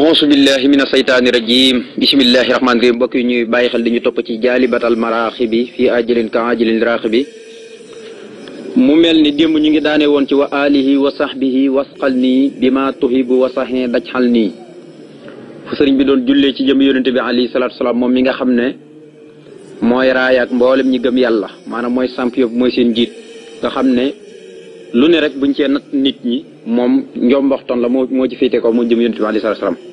auzu billahi min asaytaani rajim bismillahi rahmaani rahim mbokk yi ñuy bàyyi xel di ñu topp ci jaalibatal maraaxibi fii ajalin ka ajalin raaxibi mu mel ni démb ñu ngi daane woon ci wa alihi wa sahbihi wasqal nii bi ma tuhibu wa saxee daj xal nii fu sëriñ bi doon jullee ci jëm yonente bi alayhi salaatu salaam moom mi nga xam ne mooy raay ak mboolem ñi gëm yàlla maanaam mooy samp yóbbu mooy seen njiit nga xam ne lu ne rek buñ cee nat nit ñi moom njomboxtoon la moo moo ci féete ko mu jëm yonente bi alayhi salaatu salaam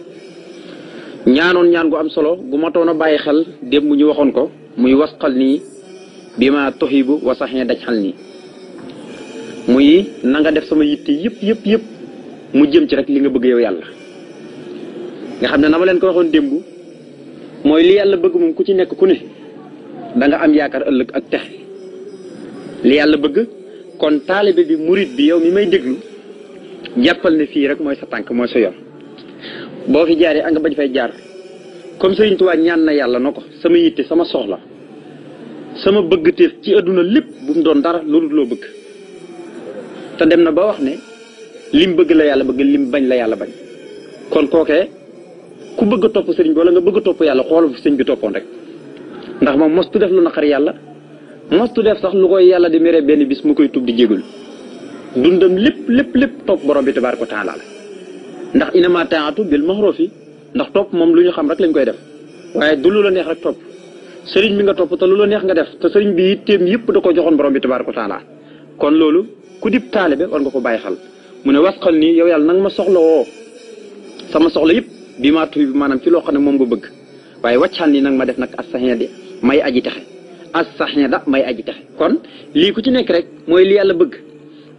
ñaanoon ñaan gu am solo gu matoon a bàyyi xel démb ñu waxoon ko muy wasqal nii bi ma toxibu wa saxee daj xal nii muy nanga def sama yitte yëpp yëpp yëpp mu jëm ci rek li nga bëgg yow yàlla nga xam ne na ma leen ko waxoon démb mooy li yàlla bëgg moom ku ci nekk ku ne danga am yaakaar ëllëg ak tex li yàlla bëgg kon taalibe bi murit bi yow mi may déglu jàppal ne fii rek mooy sa tànk mooy sa yoon boo fi jaaree a nga bañ fay jaar comme Sëriñ Tuubaa ñaan na yàlla na ko sama yitte sama soxla sama bëgg téef ci àdduna lépp bu mu doon dara loolu loo bëgg te dem na ba wax ne lim bëgg la yàlla bëgg lim bañ la yàlla bañ kon kookee ku bëgg a topp sëriñ bi wala nga bëgg topp yàlla xoolal fu sëñ bi toppoon rek ndax moom mostu def lu na naqar yàlla mostu def sax lu koy yàlla di mere benn bis mu koy tub di jégul dundam lépp lépp lépp topp borom bi tabaaraka taala la ndax inama taatu bil maxrufi ndax topp moom lu ñu xam rek lañ koy def waaye du lu la neex rek topp sëriñ bi nga topp te lu la neex nga def te sëriñ bi itteem yëpp da ko joxoon borom bi tabaaraka taala kon loolu ku dib taalibe war nga ko bàyyi xal mu ne wasxal nii yow yàlla nanga ma soxla woo sama soxla yëpp bi maa tuuti bi maanaam ci loo xam ne moom nga bëgg waaye wàccal nii nag ma def nag as saxee di may aji texe as saxee da may aji texe kon lii ku ci nekk rek mooy li yàlla bëgg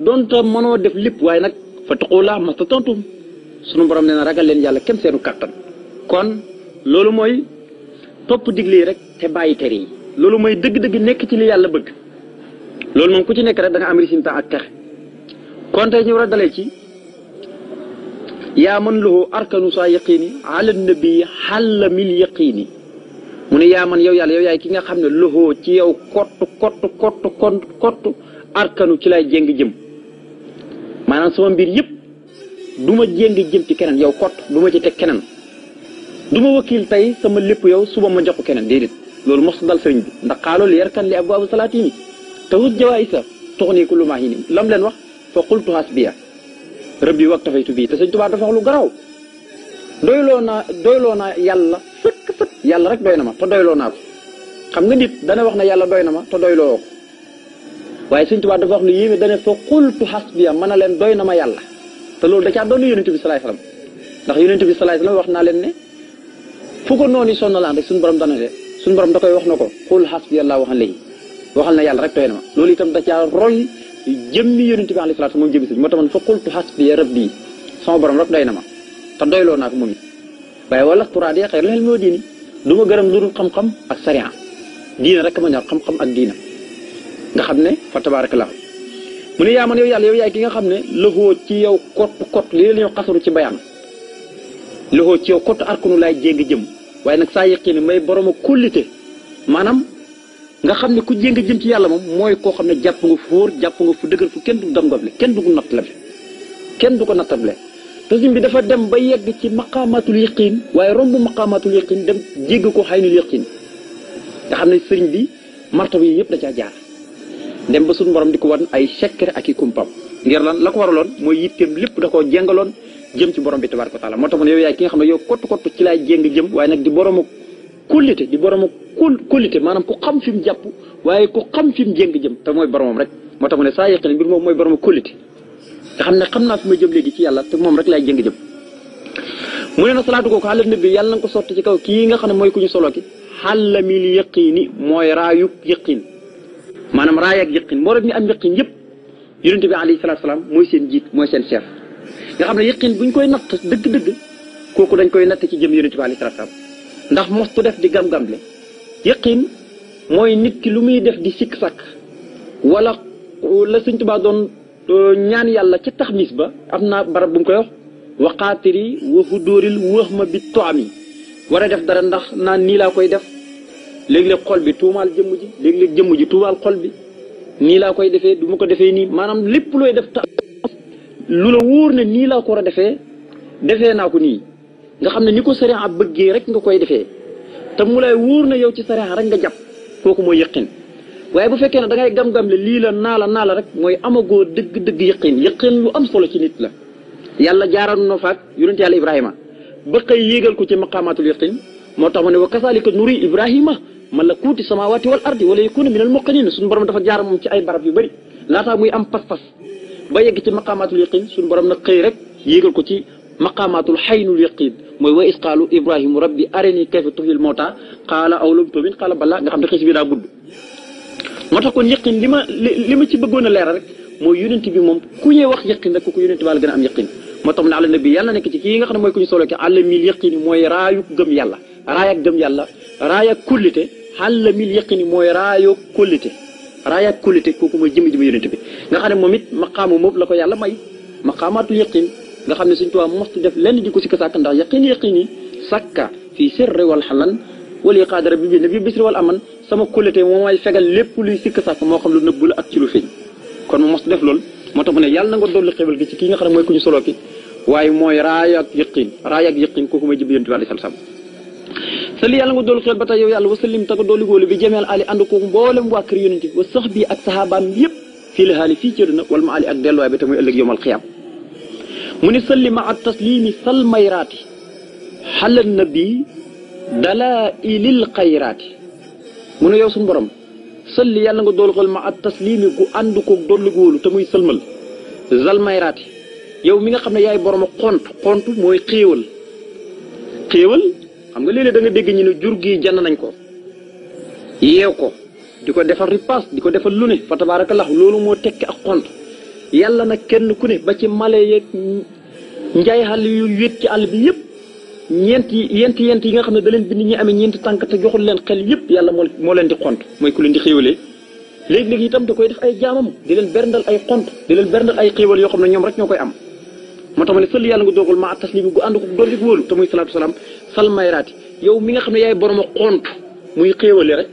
doonte mënoo def lépp waaye nag fa taxulaa ma ta tontum sunu borom nee na ragal leen yàlla kenn seenu kàttan kon loolu mooy topp digle yi rek te bàyyi tere yi loolu mooy dëgg-dëgg nekk ci li yàlla bëgg loolu moom ku ci nekk rek da nga am risinta ak texe kon tey ñu war a dalee ci yaa man arkanu saa yaqiini ala nabi xàlla mil yaqiini mu ne yaa man yow yàlla yow yaay ki nga xam ne lahu ci yow kott kott kott kott kott arkanu ci lay jéng jëm maanaam sama mbir yëpp du ma jéng jëm ci keneen yow kot du ma ci teg keneen du ma wakiil tey sama lépp yow suba ma jox keneen déedéet loolu mos dal sëriñ bi ndax xaaloolu yarkan li abwaabu salaatini tawut jawaay sa tuxni kullu maahini lam leen wax fa qultu hasbiya rabbi yi tafaytu bii te sëñ Tuubaa dafa wax lu garaaw doyloo naa doyloo naa yàlla sëkk sëkk yàlla rek doy na ma te doyloo naa ko xam nga nit dana wax na yàlla doy na ma te doyloo ko waaye sëñ Tuubaa dafa wax lu yéeme dana fa qultu leen doy na ma yàlla te loolu da caa doon yonent bi salaay salaam ndax yonent bi salaay salaam wax naa leen ne fu ko noonu sonnalaan rek suñu borom dana de suñu borom da koy wax na ko xul xasbiyallaahu waxal léegi waxal na yàlla rek doy na ma loolu itam da caa roy jëmmi yonent bi alayhi salaatu moom jëmmi sëñ moo tax fa qultu xasbiya rabbi borom rek day na ma te doyloo naa ko moom it waaye wala turaade xëy na moo diini du ma gërëm lu dul xam-xam ak sariya diina rek ma ñor xam-xam ak diina nga xam ne fa tabaaraka laahu mu ne yaa man yow yàlla yow yaay ki nga xam ne loxoo ci yow kott kott lii la ñuy xasaru ci bayaan loxoo ci yow kott arkunu laay jéng jëm waaye nag saa yëqi ne may borom a kóllite maanaam nga xam ne ku jéng jëm ci yàlla moom mooy koo xam ne jàpp nga fu wóor jàpp nga fu dëgër fu kenn du damgoble kenn du ko nattable kenn du ko nattable tasum bi dafa dem ba yegg ci maqaamaatul yaqin waaye romb maqaamaatul yaqin dem jégg ko xaynul yaqin nga xam ne sëriñ bi martaba yi yëpp da caa jaar dem ba suñu borom di ko wan ay secret ak i kumpam ngir la ko waraloon mooy yitteem lépp da koo jengaloon jëm ci borom bi tabaaraka wa taala moo tax mu ne yow yaay xam ne yow kott kott ci laay jéng jëm waaye nag di boromu kullite maanaam ku xam fi mu jàpp waaye ku xam fi mu jéng jëm te mooy boromam rek moo tax mu saa yëqi mbir moom mooy boromu kullite nga xam ne xam naa fi ma jëm léegi ci yàlla te moom rek laay jéng jëm mu ne na salaatu kooku xàlla nabi yàlla na ko sotti ci kaw kii nga xam ne mooy ku ñu solo ki xàlla mi li yëqiini mooy raayu yëqiin maanaam raaya ak moo doon ñu am yëqin yëpp yonent bi alayhi salaatu salaam mooy seen jiit mooy seen chef nga xam ne yëqin buñ koy natt dëgg-dëgg kooku dañ koy natt ci jëm yonent bi alayhi salaatu salaam ndax mos ku def di gam-gamle gam yëqin mooy nit ki lu muy def di sikk sakk wala la Sëñ Tuubaa doon euh, ñaan yàlla ci taxmis ba am naa barab buñ koy wax waqaatiri wa hudóoril wax ma bi toam yi war a def dara ndax naan nii laa koy def léeg-léeg xol bi tuumaal jëmm ji léeg-léeg jëmm ji tuumaal xol bi nii laa koy defee du ma ko defee nii maanaam lépp looy def ta lu la wóor ne nii laa ko war a defee defee naa ko nii nga xam ne ni ko sariya bëggee rek nga koy defee te mu lay wóor na yow ci sariya rek nga jàpp kooku mooy yëqin waaye bu fekkee ne da ngay gam-gam le lii la naa la naa la rek mooy amagoo dëgg-dëgg yëqin yëqin lu am solo ci nit la yàlla jaaral na faak yonent yàlla ibrahima ba xëy yéegal ko ci maqaamaatul yaqin moo tax mu ne wa kasaalika nuri ibrahima malakuuti samawati wal ardi wala yakuna min al muqinin suñu borom dafa jaar moom ci ay barab yu bëri laataa muy am pas-pas ba yegg ci maqaamaatul yaqin suñu borom nag xëy rek yéegal ko ci maqaamaatul xaynul yaqin mooy wa isqaalu ibrahima rabbi arini kayfa tuhyil mawta qaala aw lam tu'min qaala balaa nga xam ne xis bi daa gudd moo tax kon yaqin li ma li ma ci bëggoon a leeral rek mooy yu yonent bi moom ku ñuy wax yaqin rek ku yonent baal gën a am yaqin moo ne àla nabi yàlla nekk ci kii nga xam ne mooy ku ñu solo ki àlla mooy raayu yàlla raay ak gëm yàlla raay ak kullite xàll mil yaqini mooy raayoo kóllite raayaat kóllite kooku mooy jëmm jëmm yonent bi nga xam ne moom it maqaamu moom la ko yàlla may maqaamaatul yaqin nga xam ne suñ tuwaa mostu def lenn di ko si ko sàkk ndax yaqin yaqin yi sàkka fii sirri wal xalan wala xaadara bi bi ne bi bisri fegal lépp luy sikk sàkk moo xam lu nëbbu la ak ci lu feeñ kon mu loolu moo tax mu ne yàlla na nga dolli xéwal nga xam mooy ku ñu solo ki waaye mooy raay ak yëqin raay ak yëqin kooku sali yàlla nga doolu xel ba tey yow yàlla wasallim te ko doolu góolu bi jameel ali ànd ko mboolem waa kër yonent bi wa sax bii ak saxaabaam yëpp fii la xaali fii ci àdduna wala ma ali ak delluwaay bi te muy ëllëg yowmal xiyaam mu ni salli ma at taslimi sal mayraati xala nabi dala ilil xayraati mu ne yow suñu borom salli yàlla nga doolu xel ma at taslimi gu ànd ko doolu góolu te sëlmal zal mayraati yow mi nga xam ne yaay borom a xont xont mooy xéewal xam nga léegi léeg da dégg ñu ne jur gi jënd nañ ko yeew ko di ko defal ripaas di ko defal lu ne fa tabaarakallah loolu moo tekki ak xont yàlla nag kenn ku ne ba ci male yeeg njaay xàll yu wéet ci àll bi yëpp ñeenti yent yent yi nga xam ne da leen bind ñi amee ñeenti tànk te joxul leen xel yëpp yàlla moo moo leen di xont mooy ku leen di xéwalee léegi-léegi tam da koy def ay jaamam di leen berndal ay xont di leen berndal ay xéwal yoo xam ne ñoom rek ñoo koy am moo tax ma ne sëlli yàlla nga dogal ma taslimi gu ànd ko dolli gu wóolu te muy salaatu salaam sal mayraati yow mi nga xam ne yaay borom a xont muy xéewale rek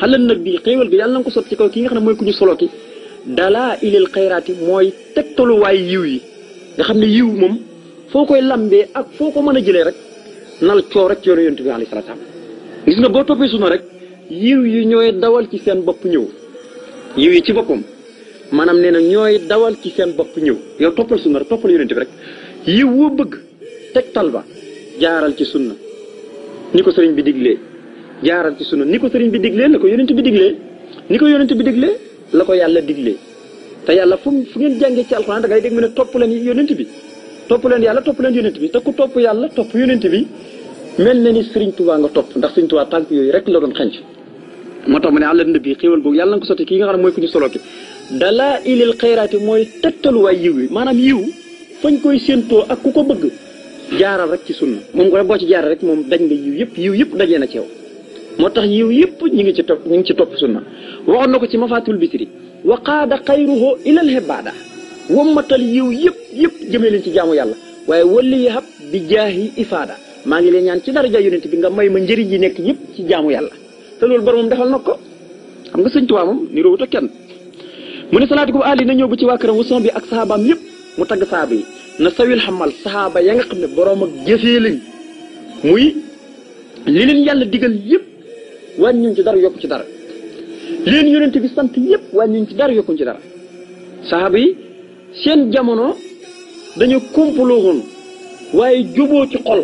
xalal nag bi xéewal gi yàlla na ko sot ci kaw ki nga xam ne mooy ku ñu solo ki dalaa ilal xayraati mooy tegtaluwaay yiw yi nga xam ne yiw moom foo koy lambee ak foo ko mën a jëlee rek nal coow rek ci yoonu yonent bi alayhi salaatu salaam gis nga boo toppee sunu rek yiw yi ñooy dawal ci seen bopp ñëw yiw yi ci boppam maanaam nee na ñooy dawal ci seen bopp ñëw yow toppal sunna rek toppal yonent bi rek yiw woo bëgg tegtal ba jaaral ci sunna ni ko sëriñ bi diglee jaaral ci sunna ni ko sëriñ bi diglee la ko yonent bi diglee ni ko yonent bi diglee la ko yàlla diglee te yàlla fu fu ngeen jàngee ci alxuraan da ngay dégg ne topp leen yonent bi topp leen yàlla topp leen yonent bi te ku topp yàlla topp yonent bi na ni sëriñ Tuubaa nga ndax sëriñ Tuubaa tànk yooyu rek la doon xenc moo tax mu ne àlla nabi xéewal googu yàlla na ko sotti kii nga xam ne mooy ku ñu solo ki dalaa ilil xayraati mooy tëttaluwaay yiw yi maanaam yiw fañ koy séentoo ak ku ko bëgg jaaral rek ci sunna moom ko boo ci jaaral rek moom dañ nga yiw yëpp yiw yëpp dajee na ci yow moo tax yiw yëpp ñu ngi ci topp ñi ngi ci topp sunna waxoon na ko ci ma mafaatul bitiri wa qaada xayruhu ilal hebaada wammatal yiw yëpp yëpp jëmee leen ci jaamu yàlla waaye wali hab bi jaahi ifaada maa ngi leen ñaan ci daraja yonent bi nga may ma njëriñ yi nekk yëpp ci jaamu yàlla te loolu boroom defal na ko xam nga sëñ Tuubaa moom ni mu ne salaatu gu ali na ñëw ba ci waa këram wason bi ak saxaabaam yëpp mu tagg saxaaba yi na sawil xamal saxaaba ya nga xam ne boroom ak jëfee lañ muy li leen yàlla digal yëpp wàññiwuñ ci dara yokku ci dara leen yonente bi sant yëpp wàññiwuñ ci dara yokkuñ ci dara saxaaba yi seen jamono dañu kompaloo woon waaye juboo ci xol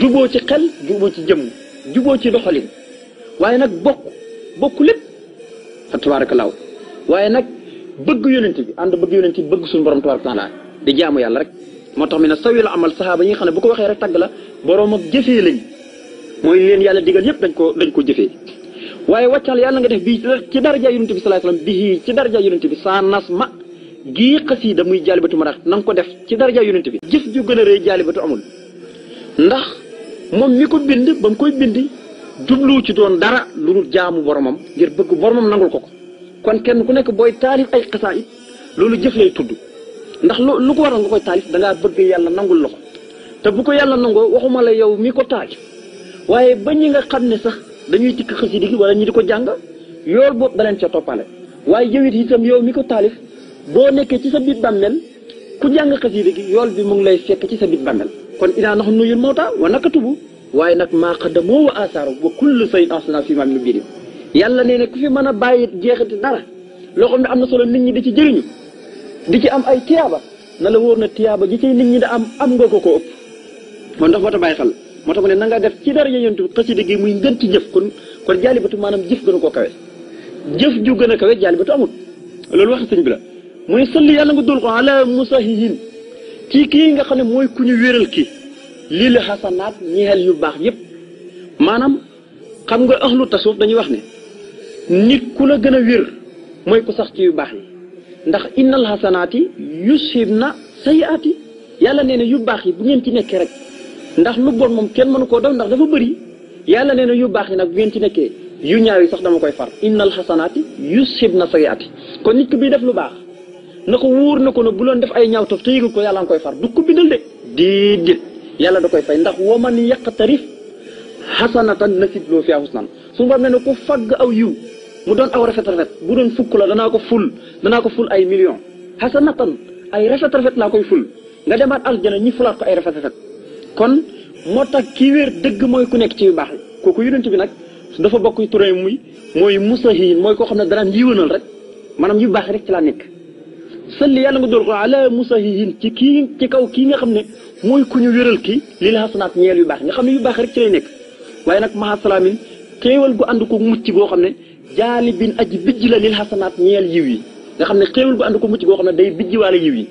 juboo ci xel juboo ci jëmm juboo ci doxalin waaye nag bokk bokk lépp fa tabaarakallaahu waaye nag bëgg yonent bi ànd bëgg yonent bi bëgg suñu borom tabaaraka taala di jaamu yàlla rek moo tax mi ne sawi la amal saxaaba yi nga xam ne bu ko waxee rek tàgg la borom ak jëfee lañ mooy leen yàlla digal yëpp dañ ko dañ ko jëfee waaye wàccal yàlla nga def bii ci daraja yonent bi sallallahu alayhi wasallam bii ci daraja yonent bi saa nas ma gii xasiida muy jaalibatu marax na nga ko def ci daraja yonent bi jëf gën a rëy jaalibatu amul ndax moom mi ko bind ba mu koy bind dubluwu ci doon dara lu dul jaamu am ngir bëgg boromam nangul ko ko kon kenn ku nekk booy taalif ay xasaayit loolu jëf lay tudd ndax lu lu ko waral nga koy taalif dangaa bëgg yàlla nangul la ko te bu ko yàlla nangoo waxuma la yow mi ko taalif waaye ba ñi nga xam ne sax dañuy tikk xasida gi wala ñi di ko jàng yool boobu da leen ca toppale waaye yow yi itam yow mi ko taalif boo nekkee ci sa biir bàmmeel ku jàng xasida gi yool bi mu ngi lay fekk ci sa biir bàmmeel kon inaa nax nuyul mawta wa nakatubu waaye nag maa xaddamoo wa asaaru wa kullu sayin asna fi maam mi biirim yàlla nee na ku fi mën a bàyyi jeexati dara loo xam ne am na solo nit ñi di ci jëriñu di ci am ay tiyaaba na la wóor na tiyaaba ji ci nit ñi da am am nga ko ko ëpp moom ndax moo tax bàyyi xel moo tax na nga def ci dara yonent bi xasida gi muy ngën ci jëf kon kon jaalibatu maanaam jëf gën a koo kawe jëf ju gën a kawe jaalibatu amul loolu waxi sëñ bi la mu ne sëlli yàlla nga dul ko ala musahihin kii kii nga xam ne mooy ku ñu wéral kii lii la xasanaat ñeel yu baax yépp maanaam xam nga ahlu tasawuf dañuy wax ne nit ku la gën a wér mooy ku sax ci yu baax yi ndax innal xasanaati yusibna sayiaati yàlla nee na yu baax yi bu ngeen nekkee rek ndax lu bon moom kenn mënu koo daw ndax dafa bëri yàlla nee na yu baax yi nag bu ngeen ci nekkee yu ñaaw yi sax dama koy far innal xasanaati yusibna sayiaati kon nit ki bii def lu baax na ko wóor na ko ne bu loon def ay ñaaw taf te yëgul ko yàlla nga koy far du ko bindal de déedéet yàlla da koy fay ndax waman yaqtarif xasanatan nasib loo fiyaa husnan su borom nee na ku fagg aw yiw mu doon aw rafet rafet bu doon fukk la danaa ko ful danaa ko ful ay millions xasanatan ay rafet rafet laa koy ful nga demaat aljana ñi fulaat ko ay rafet rafet kon moo tax kii wér dëgg mooy ku nekk ci yu baax yi kooku yonent bi nag dafa bokk turé muy mooy musahin mooy koo xam ne danaan yiwanal rek maanaam yu baax rek ci laa nekk salli yàlla nga dóor ko ala musahihin ci kii ci kaw kii nga xam ne mooy ku ñu wéral kii lii la xasanaat yu baax nga xam ne yu baax rek ci nekk waaye nag mahasalaamin xéewal gu ànd ko mucc goo xam ne jaali bin aji bijj la lil xasanaat ñeel yiw yi nga xam ne xéewal bu ànd ko mucc goo xam ne day bijj waale yiw yi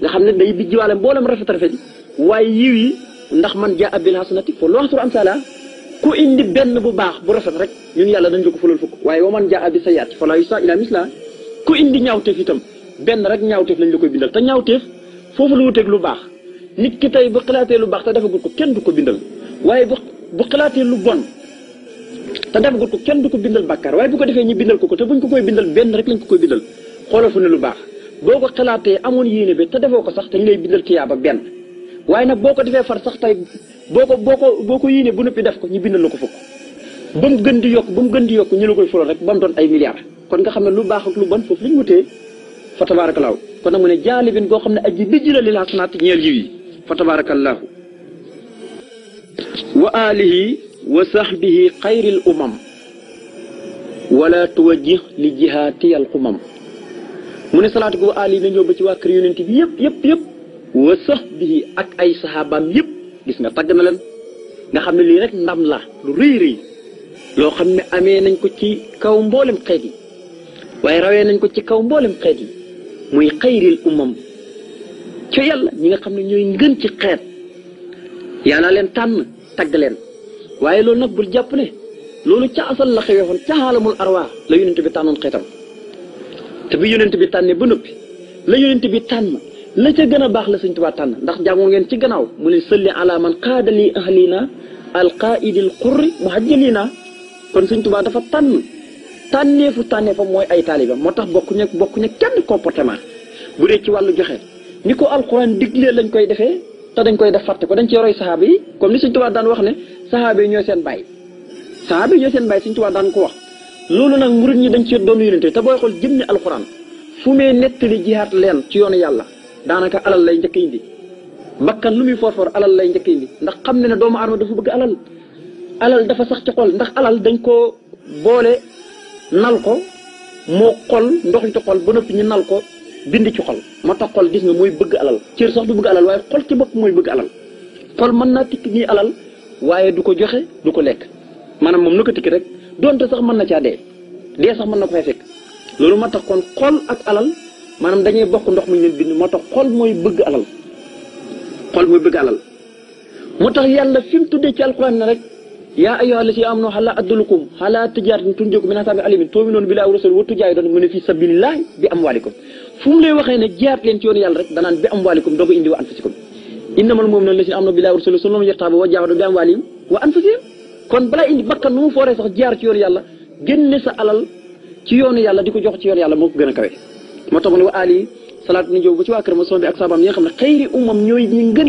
nga xam ne day bijj waale mboolem rafet rafet waaye yi ndax man jaa bil xasanaati fa loo xasuru am indi benn bu baax bu rafet rek ñun yàlla dañ la ko fulal fukk waaye wa man jaa bi sayaat fa laa yusa ila misla ku indi ñaawteef itam benn rek ñaawteef lañ la koy bindal te ñaawteef foofu la wuteeg lu baax nit ki tey bu xalaatee lu baax te defagul ko kenn du ko bindal waaye bu bu xalaatee lu bon te def ko kenn du ko bindal bàkkaar waaye bu ko defee ñu bindal ko ko te buñ ko koy bindal benn rek lañ ko koy bindal xoolal fu ne lu baax boo ko xalaatee amoon yéene bi te defoo ko sax dañ lay bindal tiyaaba benn waaye nag boo ko defee far sax tey boo ko boo ko boo ko yéene bu noppi def ko ñu bindal la ko fukk gën di yokk ba mu gën di yokk ñu la koy fulal rek ba mu doon ay milliards kon nga xam ne lu baax ak lu bon foofu lañ wutee fa tabaarakallaahu kon nag mu ne jaalibin goo xam ne aji bijj la lil hasanaat ñeel yiw yi fa tabaarakallaahu wa alihi wa saxbihi xayril umam wala tuwajjih li jihaatiyal umam mu ne salaatu gu ali na ba ci waa kër yonent bi yëpp yëpp yëpp wa saxbihi ak ay saxaabaam yépp gis nga tagg na leen nga xam ne lii rek ndam la lu rëy rëy loo xam ne amee nañ ko ci kaw mboolem xeet waaye rawee nañ ko ci kaw mboolem xeet muy xayril umam ca yàlla ñi nga xam ne ñooy ngën ci xeet yàlla leen tànn tagg leen waaye loolu nag bul jàpp ne loolu ca asal la xewee woon ca xaalamul arwaa la yonent bi tànnoon xeetam te bi yonent bi tànnee ba noppi la yonent bi tànn la ca gën a baax la Sëñ Tuubaa tànn ndax jàngoon ngeen ci gannaaw mu ne sëlli ala man qaadali ahlina alqaaidil qurri muhajjalina kon Sëñ Tuubaa dafa tànn tànneefu tànneefam mooy ay taaliba moo tax bokkuñu bokkuñu kenn comportement bu dee ci wàllu joxe ni ko alquran diglee lañ koy defee te dañ koy def fàtte ko dañ ci roy saxaaba yi comme li Sëñ Tuubaa daan wax ne saxaaba yi ñooy seen baay saxaaba yi ñooy seen baay Sëñ Tuubaa daan ko wax loolu nag murit ñi dañ ci doon yónnente te booy xool jëmmi alxuraan fu muy nettali jiyaat leen ci yoonu yàlla daanaka alal lay njëkk indi bakkan lu muy forfor alal lay njëkk indi ndax xam ne ne doomu aadama dafa bëgg alal alal dafa sax ci xol ndax alal dañ koo boole nal ko moo xool ndox ci xol ba noppi ñu nal ko bind ci xol moo tax xol gis nga mooy bëgg alal cër sax du bëgg alal waaye xol ci bopp mooy bëgg alal xol mën naa alal waaye du ko joxe du ko lekk maanaam moom na ko tikki rek donte sax mën na caa dee dee sax mën na ko fekk loolu moo tax kon xol ak alal maanaam dañuy bokk ndox mu ñu leen bind moo tax xol mooy bëgg alal xol mooy bëgg alal moo tax yàlla fi mu tuddee ci alquran ne rek yaa ayyuha allazina amanu hal adullukum ala tijaratin tunjikum min azabin alimin tu'minuna billahi wa rasulihi wa tujaahiduna fi sabilillahi bi amwalikum fu mu lay waxee ne jaar leen ci yoonu yàlla rek danaan bi am waalikum doog a indi wa anfusikum innamal mu'minuuna allaziina indi di ko jox ci yoonu yàlla moo ko gën a ma soom bi ak saabaam yi nga xam ne xayri umam ñooy ñi ngën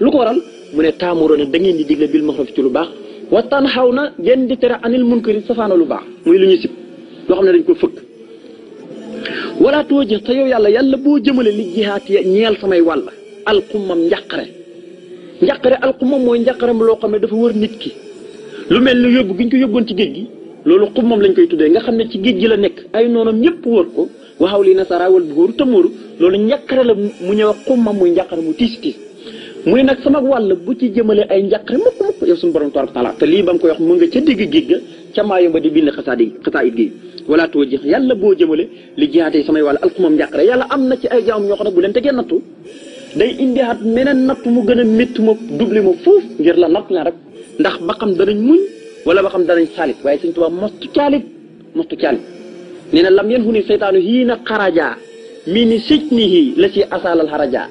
lu ko waral mu ne taamuroon ne da ngeen di digle bil maxruf ci lu baax waxtaan xaw na ngeen di tere anil munkari safaana lu baax muy lu ñu sib loo xam ne dañ ko fëkk wala too jëx te yow yàlla yàlla boo jëmale li jihaat ñeel samay wàll alxummam njàqare njàqare alxummam mooy njàqaram loo xam ne dafa wër nit ki lu mel ni yóbbu gi ko yóbboon ci géej gi loolu xummam lañ koy tuddee nga xam ne ci géej gi la nekk ay noonam ñëpp wër ko waxaw lii nasara wal bu góoru tamóoru loolu njàqare la mu ñëw xummam muy njàqare mu tiis tiis mu ne nag sama wàll bu ci jëmale ay njàqare mukk mukk yow suñu borom tabaaraka taala lii ba ko koy wax nga ca digg géej ga ca maayomba di bind xasaat yi xasaayit gi wala too jeex yàlla boo jëmale li jihaate samay wàll alkumam njàqare yàlla am na ci ay jaamam ñoo xam ne bu leen tegee nattu day indiwaat meneen nattu mu gën a métti ma doublé ma foofu ngir la natt na rek ndax ba xam danañ muñ wala ba xam danañ saalit waaye sëñ Tuubaa mostu caalit mostu caalit nee na lam yen hu ni seytaanu hii na xaraja mii ni sëj ni hii la ci asaalal xarajaa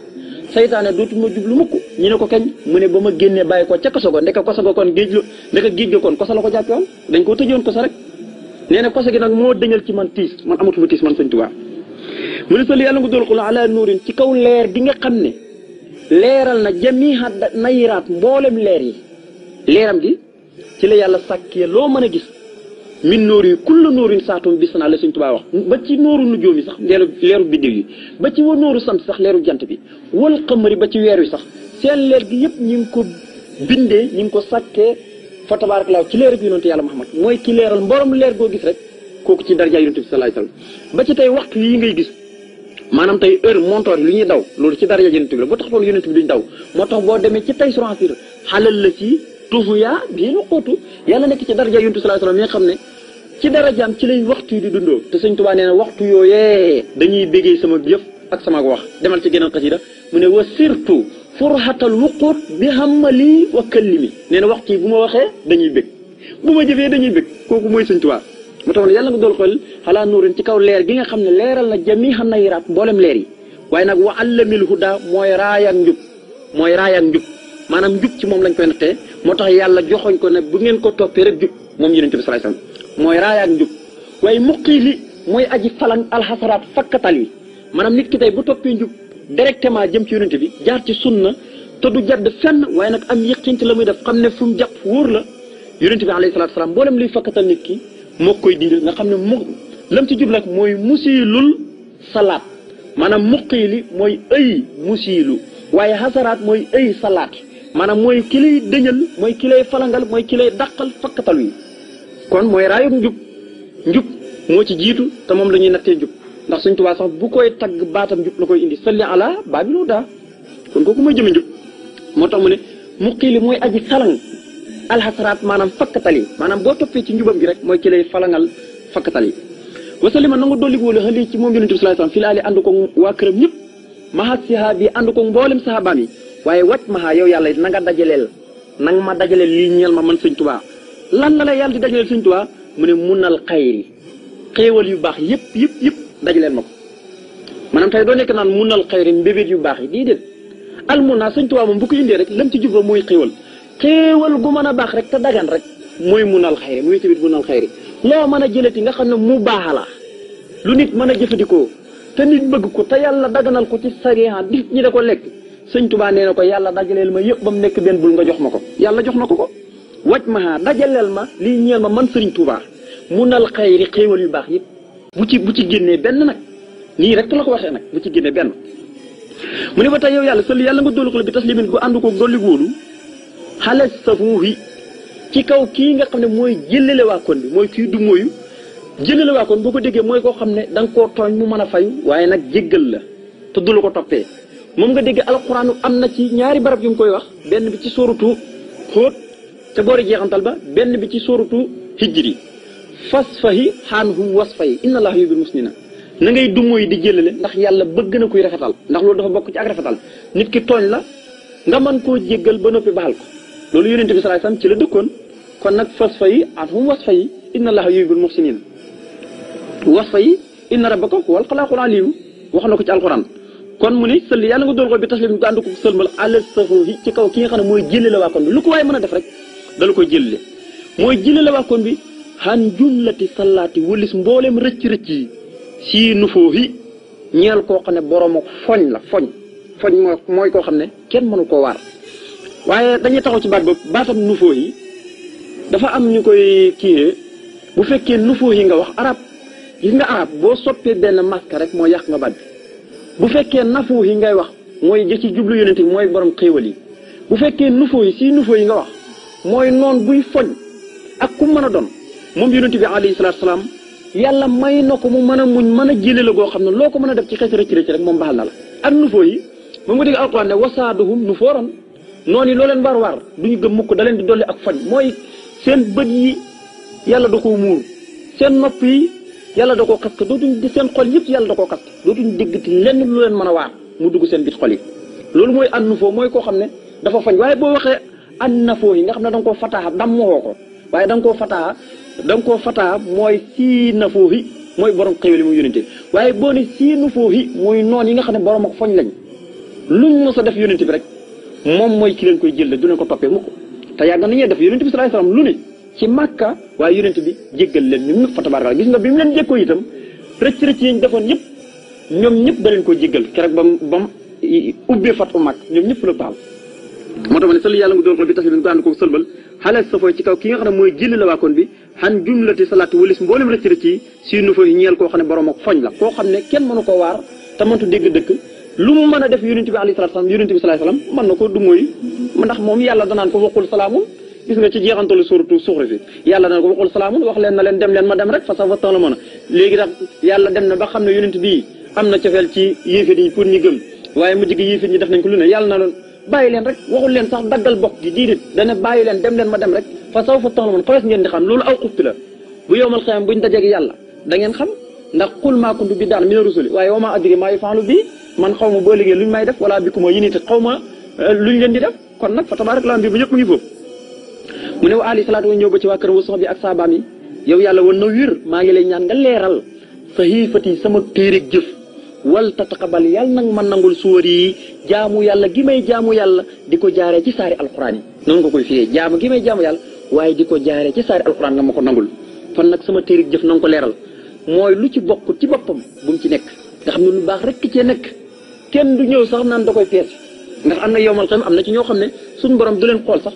saytaane dootuma lu mukk ñu ne ko kañ mu ne ba ma génnee bàyyi ko ca koso ga ndeka koso ga kon géej lu ndeka géej ga kon koso la ko jàppe dañ ko tëjoon koso rek nee ne koso gi nag moo dëñal ci man tiis man amatuma tiis man sëñ Tuubaa mu ne sali yàlla nga dool xul ala nuurin ci kaw leer gi nga xam ne leeral na jamiha nayiraat mboolem leer yi leeram gi ci la yàlla sàkkee loo mën a gis min nóorin kulla nóorin saatum bi sanaa la suñ tubaa wax ba ci nóoru nujjóom yi sax leeru leeru yi ba ci wa nóoru sant sax leeru jant bi wal xamari ba ci weer wi sax seen leer gi yëpp ñu ngi ko bindee ñi ngi ko sàkkee fa tabaarakallaahu ci leer bi yonante yàlla Muhammad mooy ki leeral mborom leer goo gis rek kooku ci darja yonante bi salaay salaam ba ci tey waxtu yi ngay gis maanaam tey heure montoor yi ñuy daw loolu ci darja yonante bi la boo tax loolu yonante bi duñ daw moo tax boo demee ci tey surenfir xalal la ci tuufu yaa bien xóotu yàlla nekk ci daraja yuntu sallallahu alayhi wasallam mi nga xam ne ci darajaam ci lay waxtu yi di dundoo te sëñ Tuubaa nee na waxtu yooyee dañuy béggee sama jëf ak sama wax demal ci geneen xasida mu ne wa surtout furhatal wuqut bi hammali wa kallimi nee na waxtu yi bu ma waxee dañuy bég bu ma jëfee dañuy bég kooku mooy sëñ Tuubaa mu tax yàlla nga dool xol xalaa nuurin ci kaw leer gi nga xam ne leeral na jami xam na yiraat mboolem leer yi waaye nag wa allamil huda mooy raay ak njub mooy raay ak njub maanaam njub ci moom lañ koy nattee moo tax yàlla joxoñ ko ne bu ngeen ko toppee rek jub moom yonent bi sallallahu alayhi wasallam mooy raayaat njub waaye muqiili mooy aji falan alxasaraat fakkatal maanaam nit ki tey bu toppee njub directement jëm ci yonent bi jaar ci sunna te du jadd fenn waaye nag am yëqin ci la muy def xam ne fu mu jàpp wóor la yonent bi alayhi salaatu salaam mboolem liy fakkatal nit ki moo koy diir nga xam ne mu lam ci nag mooy musiilul salaat maanaam muqiili mooy ëy musiilu waaye xasaraat mooy ëy salaat maanaam mooy ki lay dëñal mooy ki lay falangal mooy ki daqal dàqal fakkatal wi kon mooy raayub njub njub moo ci jiitu te moom la ñuy nattee njub ndax suñ tubaa sax bu koy tagg baatam njub la koy indi salli ala baabil hudaa kon kooku mooy jëme njub moo tax mu ne muqiili mooy aji salang alxasaraat maanaam fakkatal tali maanaam boo toppee ci njubam gi rek mooy ki lay falangal fakkatal yi wasalima na nga dolli wóolu xali ci moom yonente bi sallallahu alayhi wasallam fi laali waa këram ñëpp mahat siha bi ànd ko mboolem yi waaye wàcc ma xaa yow yàlla it na nga dajaleel nanga ma dajaleel lii ñeel ma man sëñ tubaa lan la lay yàlla di dajaleel sëñ tubaa mu ne munal xayri xéewal yu baax yëpp yëpp yëpp dajaleel ma ko maanaam tey doo nekk naan munal xayri mbébét yu baax yi déedéet almunaa sëñ tubaa moom bu ko indee rek lam ci jublu mooy xéewal xéewal gu mën a baax rek te dagan rek mooy munal xayri muy tamit munal xayri loo mën a jëlati nga xam ne mu baax la lu nit mën a jëfandikoo te nit bëgg ko te yàlla daganal ko ci sariya di ñi da ko lekk sëñ tubaa nee na ko yàlla dajaleel ma yëpp ba mu nekk benn bul nga jox ma ko yàlla jox na ko ko waj ma dajaleel ma lii ñeel ma man sëriñ tubaa mu nal xayri xéewal yu baax yëpp bu ci bu ci génnee benn nag nii rek la ko waxee nag bu ci génnee benn mu ne ba tey yow yàlla sël yàlla nga dolli ko la bi taslimin gu ànd ko dolli góolu xale sa fuufi ci kaw kii nga xam ne mooy jëlale waa kon bi mooy kii du mooyu jëlale waa kon boo ko déggee mooy koo xam ne da koo tooñ mu mën a fayu waaye nag jéggal la te du ko toppee moom nga dégg alquran am na ci ñaari barab yu mu koy wax benn bi ci sóorutu xóot ca boori jeexantal ba benn bi ci sóorutu hijri fasfahi xaanhum wasfahi inna allaha yubil musnina na ngay dumóoy di jëlale ndax yàlla bëgg na kuy rafetal ndax loolu dafa bokk ci ak rafetal nit ki tooñ la nga mën koo jéggal ba noppi baal ko loolu yonente bi sallallahu alayhi ci la dëkkoon kon nag fasfahi anhum wasfahi inna allaha yubil muhsinin wasfahi inna rabbaka huwal xalaaqul aliim wax na ko ci alquran kon mu ne sëlli yàlla nga doon xool bi taslim ko ànd ko sëlmal àla saxoohi ci kaw ki nga xam ne mooy jëlle la lu ko waaye mën a def rek dala koy jëlle mooy jëlle la waa kon bi xan jumlati salaati wëlis mbooleem rëcc-rëcc yi si nu yi ñeel koo xam ne borom foñ la foñ foñ mooy koo xam ne kenn mënu koo waar waaye dañuy taxaw ci baat boobu baatam nu yi dafa am ñu koy kiiyee bu fekkee nu foo yi nga wax arab gis nga arab boo soppee benn masque rek moo yàq nga baat bi bu fekkee nafu yi ngay wax mooy jë ci jublu yonent bi mooy borom xéewal yi bu fekkee nufoo yi si nufoo yi nga wax mooy noon buy foñ ak ku man a doon moom yonent bi alayhi salaatu salaam yàlla may na ko mu mën a muñ mën a jëlee la goo xam ne loo ko mën a def ci xeeti rëcc rëcc rek moom baaxal na la ak nufoo yi moom nga dégg alquran ne wasaaduhum nufooran noon yi loo leen war du duñu gëm ko da leen di dolli ak foñ mooy seen bët yi yàlla da koo muur yàlla da koo katt dootuñ di seen xol yëpp yàlla da koo katt dootuñ diggati lenn lu leen mën a waan mu dugg seen bit xol yi loolu mooy an nufoo mooy koo xam ne dafa fañ waaye boo waxee an nafoo yi nga xam ne da koo fataaxa dam waxoo ko waaye da nga koo fataaxa da nga koo fataaxa mooy sii nafoo yi mooy borom xéwal yi mu yónente waaye boo ne sii nufoo yi muy noon yi nga xam ne borom ak foñ lañ luñ mos sa def yónente bi rek moom mooy ki leen koy jël du leen ko toppee mukk te yàgg nañu def yónente bi sallallahu alayhi wasallam lu ne ci makka waaye yonent bi jéggal leen ñoom ñëpp fa tabaaraka gis nga bi mu leen jékkoo itam rëcc rëcc yi ñu defoon yëpp ñoom ñëpp da leen ko jéggal keroog ba mu ba mu ubbee fatu mag ñoom ma ne sël yàlla mu doon xool bi tax bi nga ànd ko sëlbal xale mooy jilli la waa kon bi xan jumlati salaat walis mboolem rëcc rëcc yi si nu fa ñeel koo xam ne borom ak foñ la koo xam ne kenn mënu ko waar te mëntu dégg dëkk lu mu mën a def yonent bi alayhi salaatu salaam yonent bi salaam mën na ko du mooy ndax moom yàlla danaan ko waxul salaamun gis nga ci jeexantalu suratu suxru fi yàlla dana waxul salaamun wax leen na leen dem leen ma dem rek fa sa fa la mën léegi tax yàlla dem na ba xam ne yonent bii am na cofeel ci yéefar yi pour gëm waaye mujj gi yéefar def nañ ko lu ne yàlla na loolu bàyyi leen rek waxul leen sax daggal bokk gi diidit dana bàyyi leen dem leen ma dem rek fa saw fa la mën xawees ngeen di xam loolu aw uppi la bu yowmal xiyam buñ dajeeg yàlla da xam ndax qul maa kuntu bi daan xaw ma boo liggéey luñ may def wala bi eh, di def kon nag fa tabarak mu ne wa ali salaatu wa ñëw ba ci waa kër wa sox bi ak saabaam yi yow yàlla wan na wér maa ngi lay ñaan nga leeral saxiifati sama téereeg jëf wal tataqabal yàlla nag ma nangul suwar yi jaamu yàlla gi may jaamu yàlla di ko jaaree ci saari alxuraan yi noonu nga koy fiyee jaamu gi may jaamu yàlla waaye di ko jaaree ci saari alxuraan nga ma ko nangul kon nag sama téereeg jëf na ko leeral mooy lu ci bokk ci boppam bu mu ci nekk nga xam ne lu baax rek cee nekk kenn du ñëw sax naan da koy fees ndax am na yowmal xam am na ci ñoo xam ne suñu borom du leen xool sax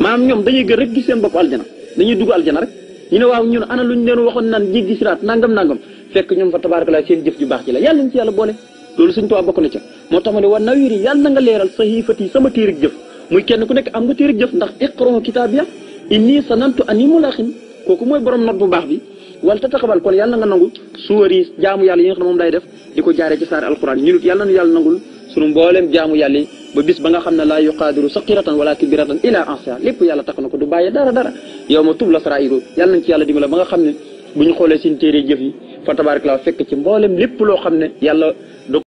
maanaam ñoom dañuy gën rek gis seen bopp aljana dañuy dugg aljana rek ñu ne waaw ñun ana luñ leen waxoon naan si siraat nangam nangam fekk ñoom fa tabaarakalaa seen jëf ju baax ji la yàlla ñu ci yàlla boole loolu suñ tuwaa bokk na ca moo tax ma ne wa nawiri nga leeral saxiifati sama téerig jëf muy kenn ku nekk am nga téerig jëf ndax iqro kitaabiya inni sanantu ani mulaaxin kooku mooy borom not bu baax bi wala te taxabal kon yàlla nga nangu suwari jaamu yàlla yi nga xam ne moom lay def di ko jaaree ci saar yàlla na nu yàlla sunu mboolem jaamu yàlla ba bis ba nga xam ne laa yuqaadiru saqiratan wala kibiratan ila ansa lépp yàlla takk na ko du dara dara yow tub la sarairu yàlla nañ ci ba nga xam ne bu ñu xoolee seen téere fa tabaaraka laa fekk ci mboolem lépp loo xam ne yàlla